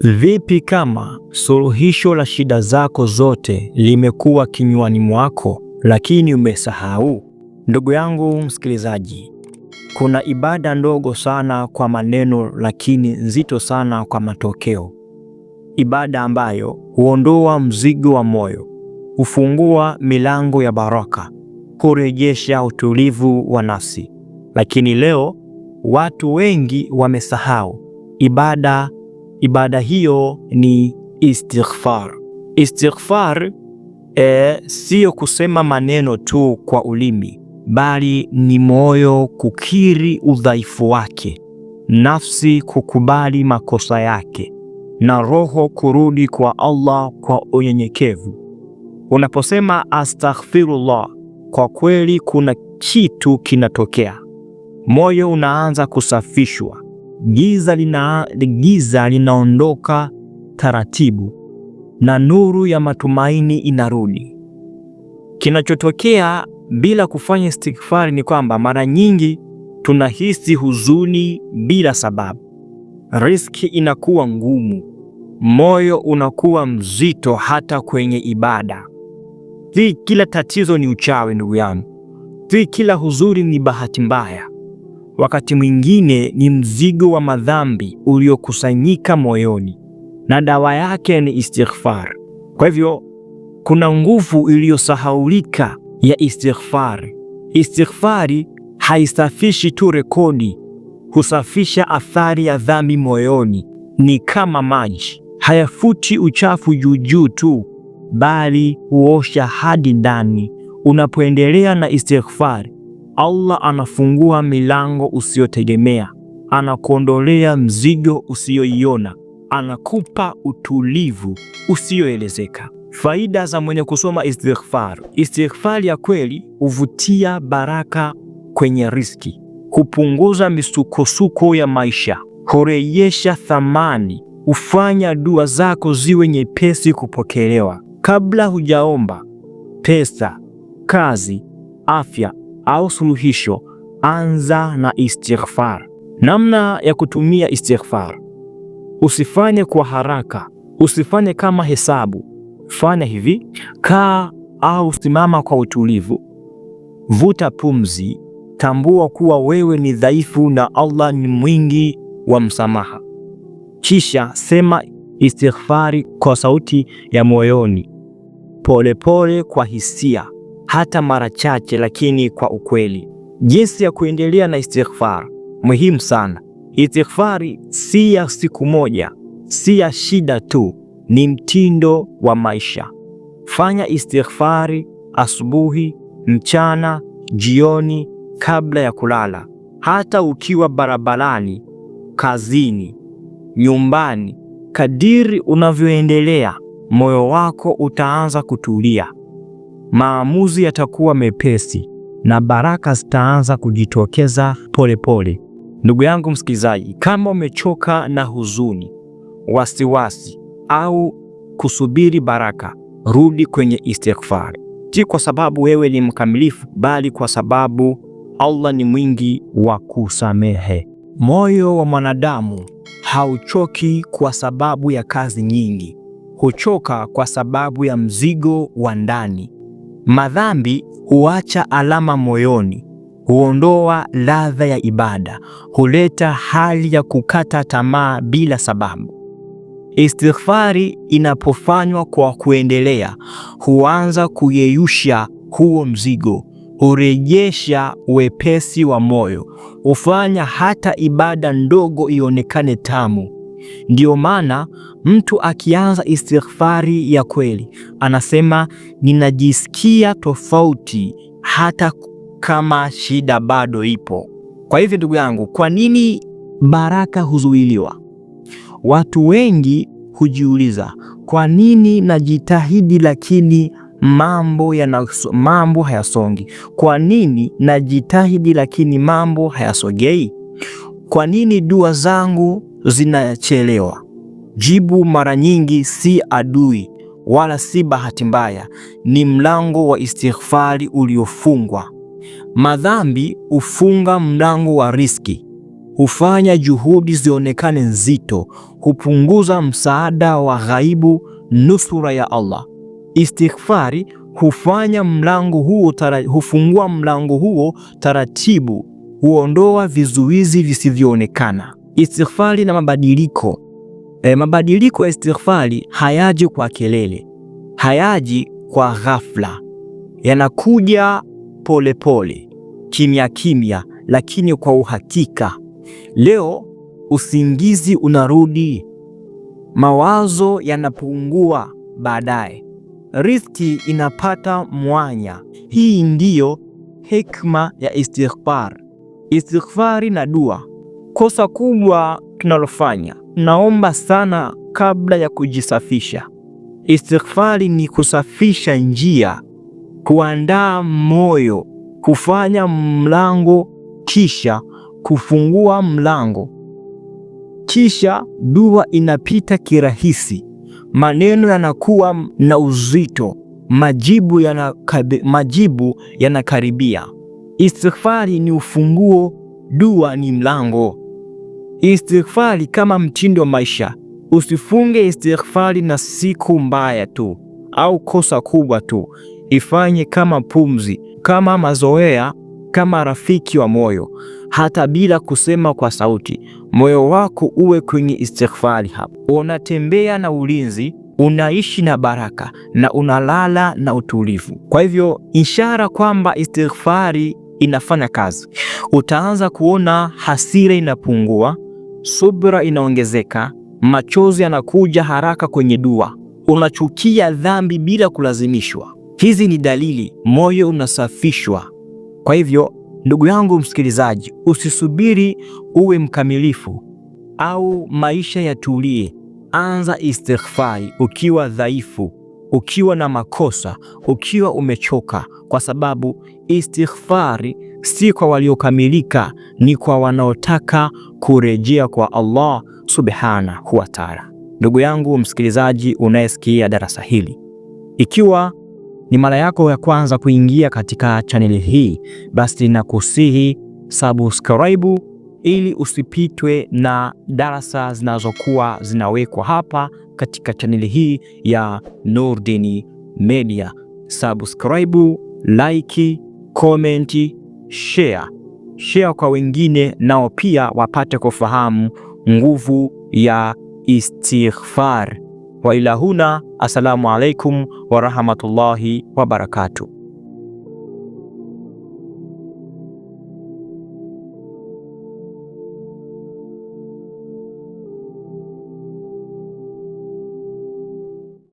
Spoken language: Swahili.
Vipi kama suluhisho la shida zako zote limekuwa kinywani mwako lakini umesahau? Ndugu yangu msikilizaji, kuna ibada ndogo sana kwa maneno lakini nzito sana kwa matokeo, ibada ambayo huondoa mzigo wa moyo, hufungua milango ya baraka, hurejesha utulivu wa nafsi. Lakini leo watu wengi wamesahau ibada Ibada hiyo ni istighfar. Istighfar e, siyo kusema maneno tu kwa ulimi, bali ni moyo kukiri udhaifu wake, nafsi kukubali makosa yake, na roho kurudi kwa Allah kwa unyenyekevu. Unaposema astaghfirullah, kwa kweli kuna kitu kinatokea. Moyo unaanza kusafishwa, giza lina, giza linaondoka taratibu na nuru ya matumaini inarudi. Kinachotokea bila kufanya istighfari ni kwamba mara nyingi tunahisi huzuni bila sababu, riski inakuwa ngumu, moyo unakuwa mzito hata kwenye ibada. Si kila tatizo ni uchawi, ndugu yangu. Si kila huzuni ni bahati mbaya wakati mwingine ni mzigo wa madhambi uliokusanyika moyoni, na dawa yake ni istighfar. Kwa hivyo kuna nguvu iliyosahaulika ya istighfar. Istighfari haisafishi tu rekodi, husafisha athari ya dhambi moyoni. Ni kama maji, hayafuti uchafu juu tu, bali huosha hadi ndani. Unapoendelea na istighfari Allah anafungua milango usiyotegemea, anakuondolea mzigo usiyoiona, anakupa utulivu usiyoelezeka. Faida za mwenye kusoma istighfar. Istighfar ya kweli huvutia baraka kwenye riziki, hupunguza misukosuko ya maisha, hurejesha thamani, hufanya dua zako ziwe nyepesi kupokelewa. Kabla hujaomba pesa, kazi, afya au suluhisho, anza na istighfar. Namna ya kutumia istighfar: usifanye kwa haraka, usifanye kama hesabu. Fanya hivi: kaa au simama kwa utulivu, vuta pumzi, tambua kuwa wewe ni dhaifu na Allah ni mwingi wa msamaha. Kisha sema istighfari kwa sauti ya moyoni, polepole, kwa hisia hata mara chache, lakini kwa ukweli. Jinsi ya kuendelea na istighfar, muhimu sana. Istighfari si ya siku moja, si ya shida tu, ni mtindo wa maisha. Fanya istighfari asubuhi, mchana, jioni, kabla ya kulala, hata ukiwa barabarani, kazini, nyumbani. Kadiri unavyoendelea, moyo wako utaanza kutulia, maamuzi yatakuwa mepesi na baraka zitaanza kujitokeza polepole Ndugu yangu msikilizaji, kama umechoka na huzuni, wasiwasi au kusubiri baraka, rudi kwenye istighfar, si kwa sababu wewe ni mkamilifu, bali kwa sababu Allah ni mwingi wa kusamehe. Moyo wa mwanadamu hauchoki kwa sababu ya kazi nyingi, huchoka kwa sababu ya mzigo wa ndani. Madhambi huacha alama moyoni, huondoa ladha ya ibada, huleta hali ya kukata tamaa bila sababu. Istighfari inapofanywa kwa kuendelea, huanza kuyeyusha huo mzigo, hurejesha wepesi wa moyo, hufanya hata ibada ndogo ionekane tamu. Ndiyo maana mtu akianza istighfari ya kweli anasema, ninajisikia tofauti hata kama shida bado ipo. Kwa hivyo ndugu yangu, kwa nini baraka huzuiliwa? Watu wengi hujiuliza, kwa nini najitahidi lakini mambo yana mambo hayasongi? Kwa nini najitahidi lakini mambo hayasogei? Kwa nini dua zangu zinachelewa? Jibu mara nyingi si adui wala si bahati mbaya, ni mlango wa istighfari uliofungwa. Madhambi hufunga mlango wa riski, hufanya juhudi zionekane nzito, hupunguza msaada wa ghaibu, nusura ya Allah. Istighfari hufanya mlango huo, hufungua mlango huo taratibu huondoa vizuizi visivyoonekana. Istighfari na mabadiliko. E, mabadiliko ya istighfari hayaji kwa kelele, hayaji kwa ghafla, yanakuja polepole, kimya kimya, lakini kwa uhakika. Leo usingizi unarudi, mawazo yanapungua, baadaye riski inapata mwanya. Hii ndiyo hekma ya istighfar istighfari na dua. Kosa kubwa tunalofanya, naomba sana kabla ya kujisafisha. Istighfari ni kusafisha njia, kuandaa moyo, kufanya mlango, kisha kufungua mlango. Kisha dua inapita kirahisi, maneno yanakuwa na uzito, majibu yanakaribia. Istighfari ni ufunguo, dua ni mlango. Istighfari kama mtindo wa maisha. Usifunge istighfari na siku mbaya tu au kosa kubwa tu. Ifanye kama pumzi, kama mazoea, kama rafiki wa moyo, hata bila kusema kwa sauti. Moyo wako uwe kwenye istighfari. Hapo unatembea na ulinzi, unaishi na baraka, na unalala na utulivu. Kwa hivyo, ishara kwamba istighfari inafanya kazi. Utaanza kuona hasira inapungua, subra inaongezeka, machozi yanakuja haraka kwenye dua, unachukia dhambi bila kulazimishwa. Hizi ni dalili, moyo unasafishwa. Kwa hivyo ndugu yangu msikilizaji, usisubiri uwe mkamilifu au maisha yatulie. Anza istighfari ukiwa dhaifu ukiwa na makosa, ukiwa umechoka, kwa sababu istighfari si kwa waliokamilika, ni kwa wanaotaka kurejea kwa Allah subhanahu wa taala. Ndugu yangu msikilizaji unayesikia darasa hili, ikiwa ni mara yako ya kwanza kuingia katika chaneli hii, basi nakusihi subscribe ili usipitwe na darasa zinazokuwa zinawekwa hapa katika chaneli hii ya Nurdin Media. Subscribe, like, comment, share. Share kwa wengine nao pia wapate kufahamu nguvu ya istighfar. Wa ila huna, assalamu alaikum wa rahmatullahi wa barakatuh.